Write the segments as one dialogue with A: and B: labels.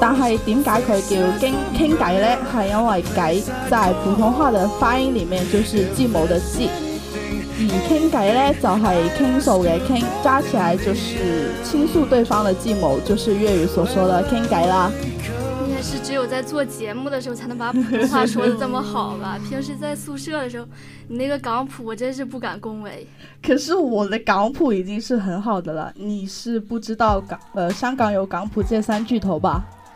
A: 但係點解佢叫傾傾偈咧？係因為偈在普通話的發音裏面就是計謀的計。而傾偈咧就係傾訴嘅傾，加起來就是傾訴對方的計謀，就是粵語所說嘅傾偈啦。你係只有在做節目的時候才能把普通話說得這麼好吧？ 平時在宿舍嘅時候，你那個港普我真是不敢恭維。可是我嘅港普已經是很好的了，你是不知道港，呃，香港有港普這三巨頭吧？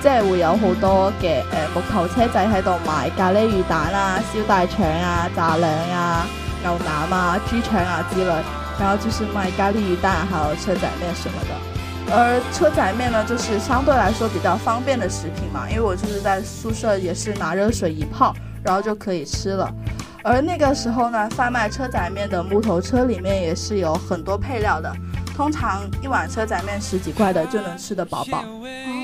A: 即係會有好多嘅誒、哎、木頭車仔喺度賣咖喱魚蛋啊、燒大腸啊、炸兩啊、牛腩啊、豬腸啊之類。然後就是賣咖喱魚蛋，還有車仔麵什麼的。而車仔麵呢，就是相對來說比較方便的食品嘛，因為我就是在宿舍也是拿熱水一泡，然後就可以吃了。而那個時候呢，販賣車仔麵的木頭車裏面也是有很多配料的，通常一碗車仔麵十幾塊的就能吃得飽飽。